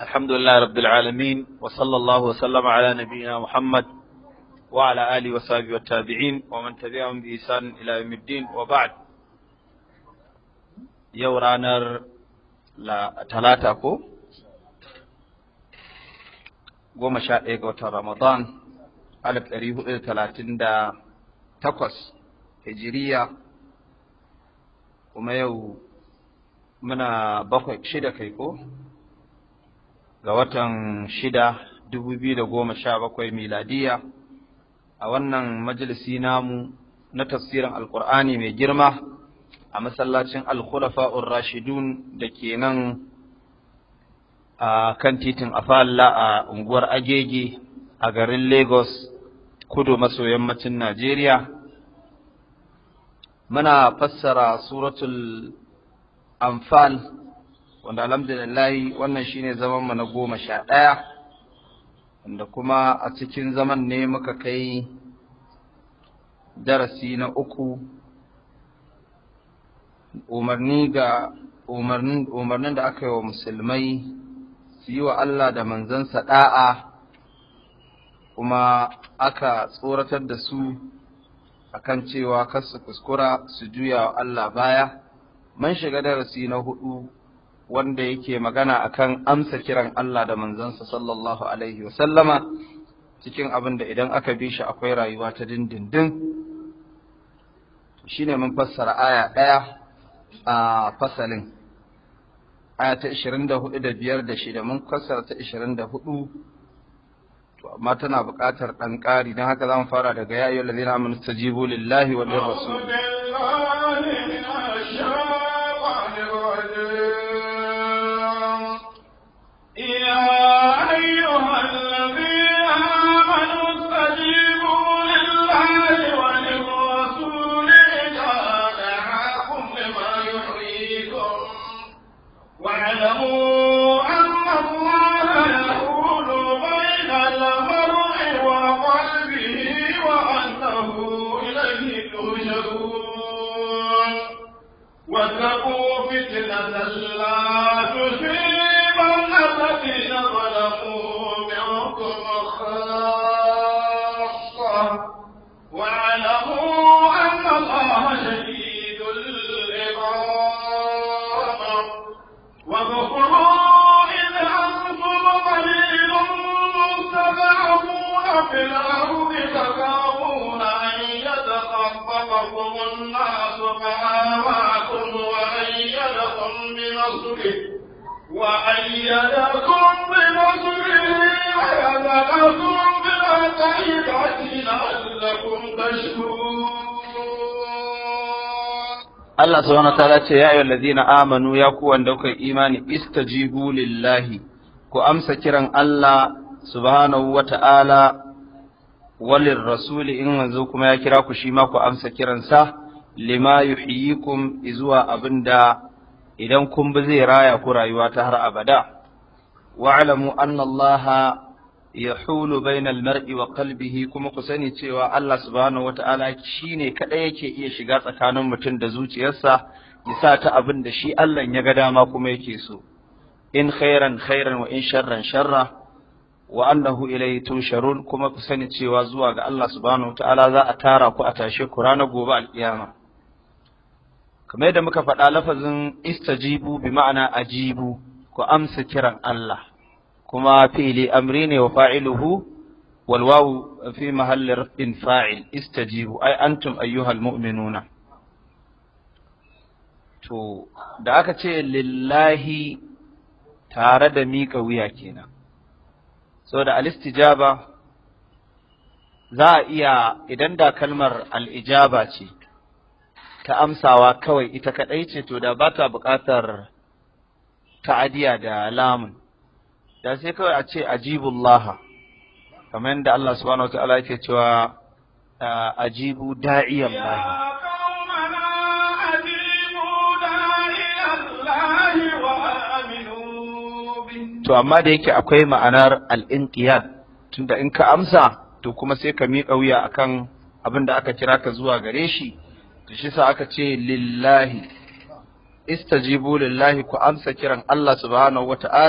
الحمد لله رب العالمين وصلى الله وسلم على نبينا محمد وعلى آله وصحبه والتابعين ومن تبعهم بإحسان إلى يوم الدين وبعد يورانر لا تلاتاكو كو goma sha ɗaya ga watan Ramadan alif ɗari وما يو منا da takwas كيكو ga watan shida dubu biyu da goma sha bakwai miladiya a wannan majalisi namu na tafsirin alkur'ani mai girma a masallacin alkhulafa'ur rashidun da ke nan a kan titin afalla a unguwar agege a garin lagos kudu maso yammacin najeriya muna fassara suratul anfal wanda alhamdulillahi wannan shine zaman mu na goma sha ɗaya wanda kuma a cikin zaman ne muka kai darasi na uku umarni ga umarnin da aka yi wa musulmai su yi wa Allah da manzansa ɗa'a kuma aka tsoratar da su akan cewa kar su kuskura su juya wa Allah baya man shiga darasi na hudu wanda yake magana akan amsa kiran Allah da manzansa sallallahu alaihi wa sallama. cikin abin da idan aka bi shi akwai rayuwa ta dindindin shine mun fassara aya ɗaya a fasalin aya ta 24 da biyar da shida mun fassara ta 24 to amma tana buƙatar ɗan ƙari don haka za mu fara daga ya ayyuhal ladina amanu tajibu lillahi wa lirrasul واعلموا أن الله بين المرء وقلبه وأنه إليه واتقوا فتنة الله الله سبحانه وتعالى يا أيها الذين آمنوا يا كوان دوك إيمان استجيبوا لله كو أمس الله سبحانه وتعالى walin rasuli in yanzu kuma ya kira ku shi ma ku amsa kiransa lima yuhyikum zuwa abinda idan kun bi zai raya ku rayuwa ta har abada alamu anna Allah yahulu bainal mar'i wa qalbihi kuma ku sani cewa Allah subhanahu wata'ala shine kada yake iya shiga tsakanin mutum da zuciyarsa ya ta abin da shi Allah ya ga dama kuma yake so in khairan khairan wa in sharran sharra wa annahu ilayhi tusharun kuma ku sani cewa zuwa ga Allah subhanahu ta'ala za a tara ku a tashe ku ranar gobe alkiyama kamar yadda muka faɗa lafazin istajibu bi ma'ana ajibu ku amsa kiran Allah kuma fi'li amri ne wa fa'iluhu wal wawu fi mahalli rafin fa'il istajibu ai antum ayyuhal mu'minuna to da aka ce lillahi tare da mika wuya kenan So saboda alistijaba za a iya idan da kalmar al'ijaba ce ta amsawa kawai ita kaɗai ce to da ba ta buƙatar ta'adiya da lamun da sai kawai a ce ajibullah kamar yadda Allah subhanahu wa ta'ala yake cewa ajibu da'iyan laha. to amma da yake akwai ma'anar al tunda in ka amsa to kuma sai ka miƙa wuya a kan abin da aka kira ka zuwa gare shi to shi sa aka ce lillahi istajibu lillahi ku amsa kiran Allah subhanahu ta'ala.